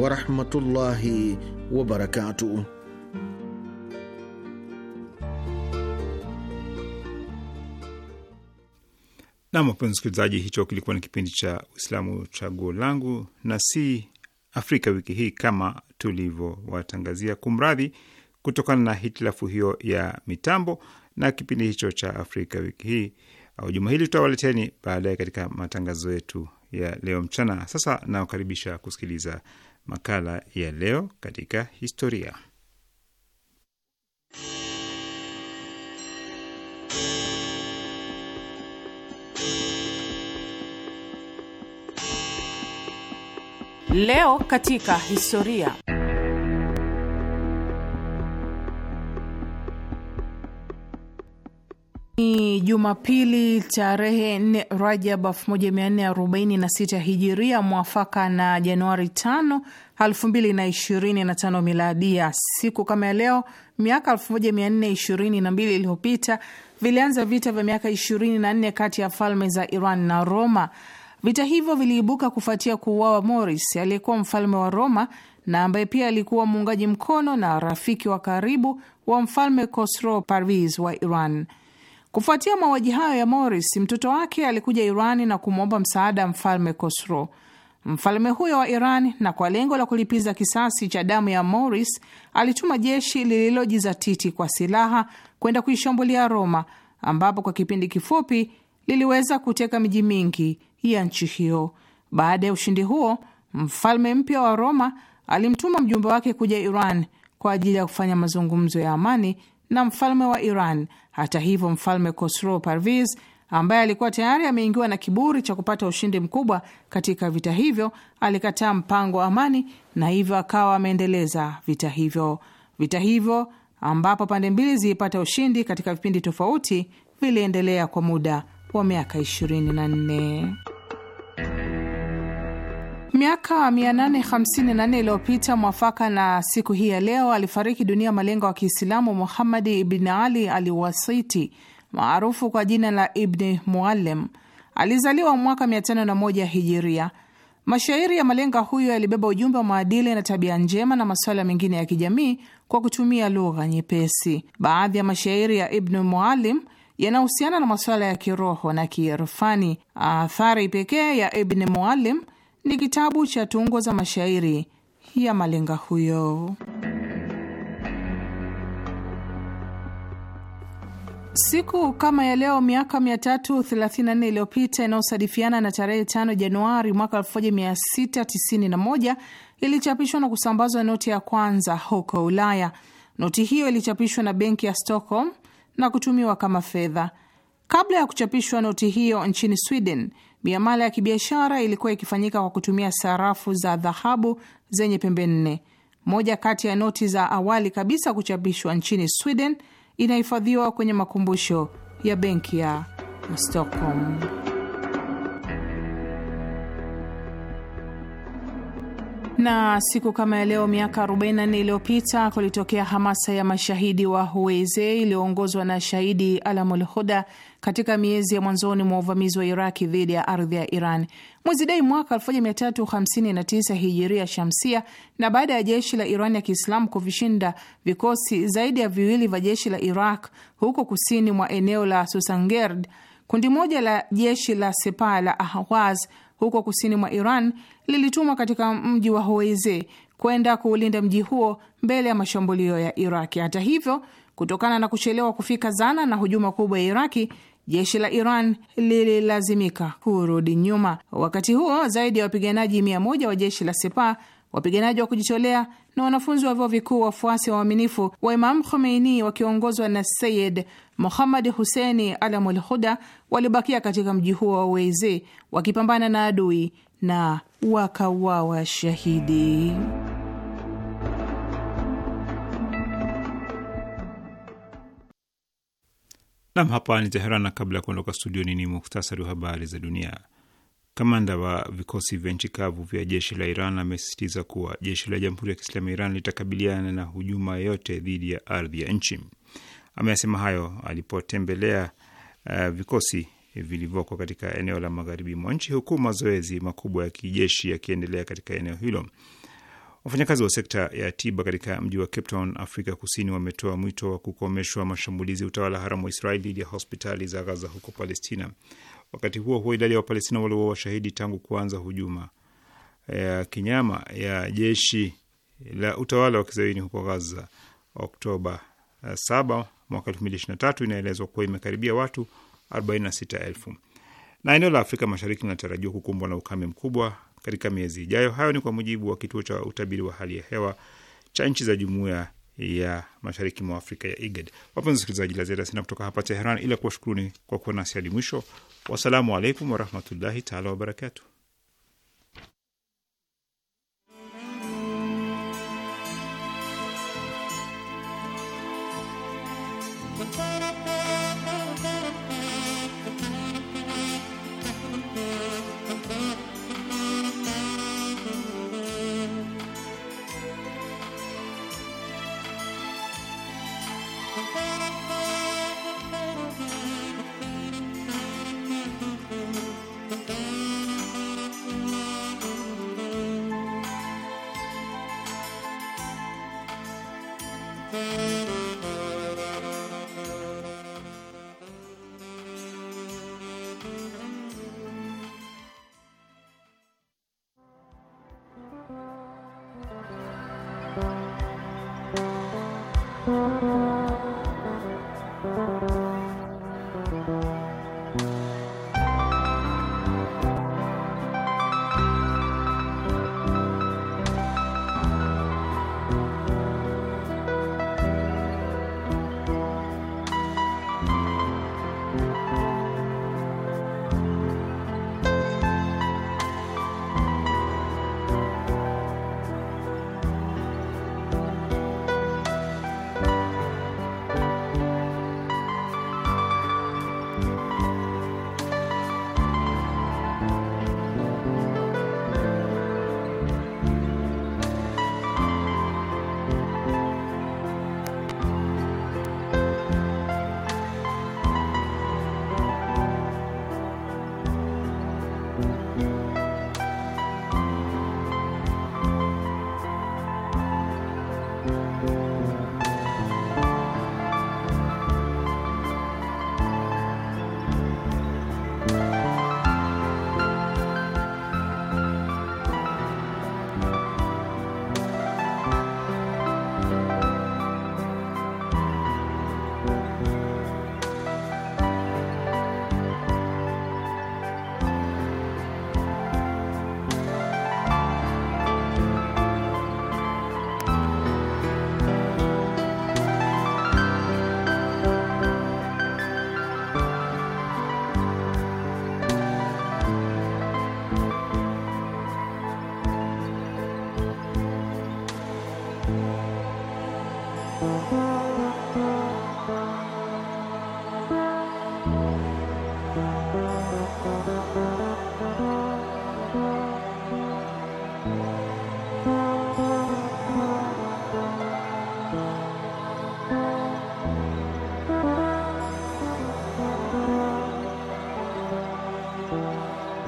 S2: warahmatullahi
S1: wabarakatuh. Na wapenzi msikilizaji, hicho kilikuwa ni kipindi cha Uislamu Chaguo Langu na si Afrika wiki hii kama tulivyowatangazia, kumradhi, kutokana na hitilafu hiyo ya mitambo. Na kipindi hicho cha Afrika wiki hii au juma hili tutawaleteni baadaye katika matangazo yetu ya leo mchana. Sasa nawakaribisha kusikiliza makala ya leo katika historia.
S3: Leo katika historia. Ni Jumapili tarehe 4 Rajab 1446 Hijiria, mwafaka na Januari 5 2025 Miladia. Siku kama ya leo miaka 1422 iliyopita vilianza vita vya miaka 24 kati ya falme za Iran na Roma. Vita hivyo viliibuka kufuatia kuuawa Moris aliyekuwa mfalme wa Roma na ambaye pia alikuwa muungaji mkono na rafiki wa karibu wa mfalme Kosro parvis wa Iran. Kufuatia mauaji hayo ya Moris, mtoto wake alikuja Irani na kumwomba msaada mfalme Kosro. Mfalme huyo wa Iran, na kwa lengo la kulipiza kisasi cha damu ya Moris, alituma jeshi lililojizatiti kwa silaha kwenda kuishambulia Roma, ambapo kwa kipindi kifupi liliweza kuteka miji mingi ya nchi hiyo. Baada ya ushindi huo, mfalme mpya wa Roma alimtuma mjumbe wake kuja Iran kwa ajili ya kufanya mazungumzo ya amani na mfalme wa Iran. Hata hivyo, mfalme Kosro Parviz ambaye alikuwa tayari ameingiwa na kiburi cha kupata ushindi mkubwa katika vita hivyo, alikataa mpango wa amani na hivyo akawa ameendeleza vita hivyo. Vita hivyo ambapo pande mbili zilipata ushindi katika vipindi tofauti, viliendelea kwa muda wa miaka 24. Miaka 854 iliyopita mwafaka na siku hii ya leo alifariki dunia malenga wa Kiislamu Muhammadi Ibn Ali al wasiti maarufu kwa jina la Ibni muallim Alizaliwa mwaka 501 Hijiria. Mashairi ya malenga huyo yalibeba ujumbe wa maadili na tabia njema na masuala mengine ya kijamii kwa kutumia lugha nyepesi. Baadhi ya mashairi ya Ibnu Muallim yanahusiana na masuala ya kiroho na kiirfani. Athari pekee ya ibn Muallim ni kitabu cha tungo za mashairi ya malenga huyo. Siku kama ya leo miaka 334 iliyopita inayosadifiana na tarehe 5 Januari mwaka 1691 ilichapishwa na kusambazwa noti ya kwanza huko Ulaya. Noti hiyo ilichapishwa na benki ya Stockholm na kutumiwa kama fedha. Kabla ya kuchapishwa noti hiyo nchini Sweden, miamala ya kibiashara ilikuwa ikifanyika kwa kutumia sarafu za dhahabu zenye pembe nne. Moja kati ya noti za awali kabisa kuchapishwa nchini Sweden inahifadhiwa kwenye makumbusho ya benki ya Stockholm. Na siku kama ya leo miaka 44 iliyopita kulitokea hamasa ya mashahidi wa Huweze iliyoongozwa na shahidi Alamul Huda katika miezi ya mwanzoni mwa uvamizi wa Iraki dhidi ya ardhi ya Iran. Mwezi Dei mwaka 1359 hijiria shamsia, na baada ya jeshi la Iran ya Kiislamu kuvishinda vikosi zaidi ya viwili vya jeshi la Iraq huko kusini mwa eneo la Susangerd, kundi moja la jeshi la Sepa la Ahwaz huko kusini mwa Iran lilitumwa katika mji wa Hoveze kwenda kuulinda mji huo mbele ya mashambulio ya Iraki. Hata hivyo, kutokana na kuchelewa kufika zana na hujuma kubwa ya Iraki, jeshi la Iran lililazimika kurudi nyuma. Wakati huo, zaidi ya wapiganaji mia moja wa jeshi la Sepa, wapiganaji wa kujitolea na wanafunzi wa vyuo vikuu wafuasi wa waaminifu wa Imamu Khomeini wakiongozwa na Sayid Muhammad huseni Alamul Huda walibakia katika mji huo wa Uweize wakipambana na adui na wakawawa shahidi.
S1: Nam, hapa ni Teheran, na kabla ya kuondoka studioni ni muhtasari wa habari za dunia. Kamanda wa vikosi vya nchi kavu vya jeshi la Iran amesisitiza kuwa jeshi la Jamhuri ya Kiislamu ya Iran litakabiliana na hujuma yoyote dhidi ya ardhi ya nchi. Ameyasema hayo alipotembelea uh, vikosi vilivyoko katika eneo la magharibi mwa nchi, huku mazoezi makubwa ya kijeshi yakiendelea katika eneo hilo. Wafanyakazi wa sekta ya tiba katika mji wa Cape Town, Afrika Kusini, wametoa mwito wa kukomeshwa mashambulizi utawala haramu wa Israeli dhidi ya hospitali za Gaza huko Palestina. Wakati huo huo, idadi ya Wapalestina walio washahidi tangu kuanza hujuma ya kinyama ya jeshi la utawala wa kizayuni huko Gaza Oktoba 7 eh, mwaka 2023 inaelezwa kuwa imekaribia watu 46,000 na eneo la Afrika Mashariki linatarajiwa kukumbwa na ukame mkubwa katika miezi ijayo. Hayo ni kwa mujibu wa kituo cha utabiri wa hali ya hewa cha nchi za jumuiya ya mashariki mwa Afrika ya IGAD. Wapenzi wasikilizaji, la ziada sina kutoka hapa Teheran ila kuwashukuruni kwa kuwa nasi hadi mwisho. Wassalamu alaikum warahmatullahi taala wabarakatuh.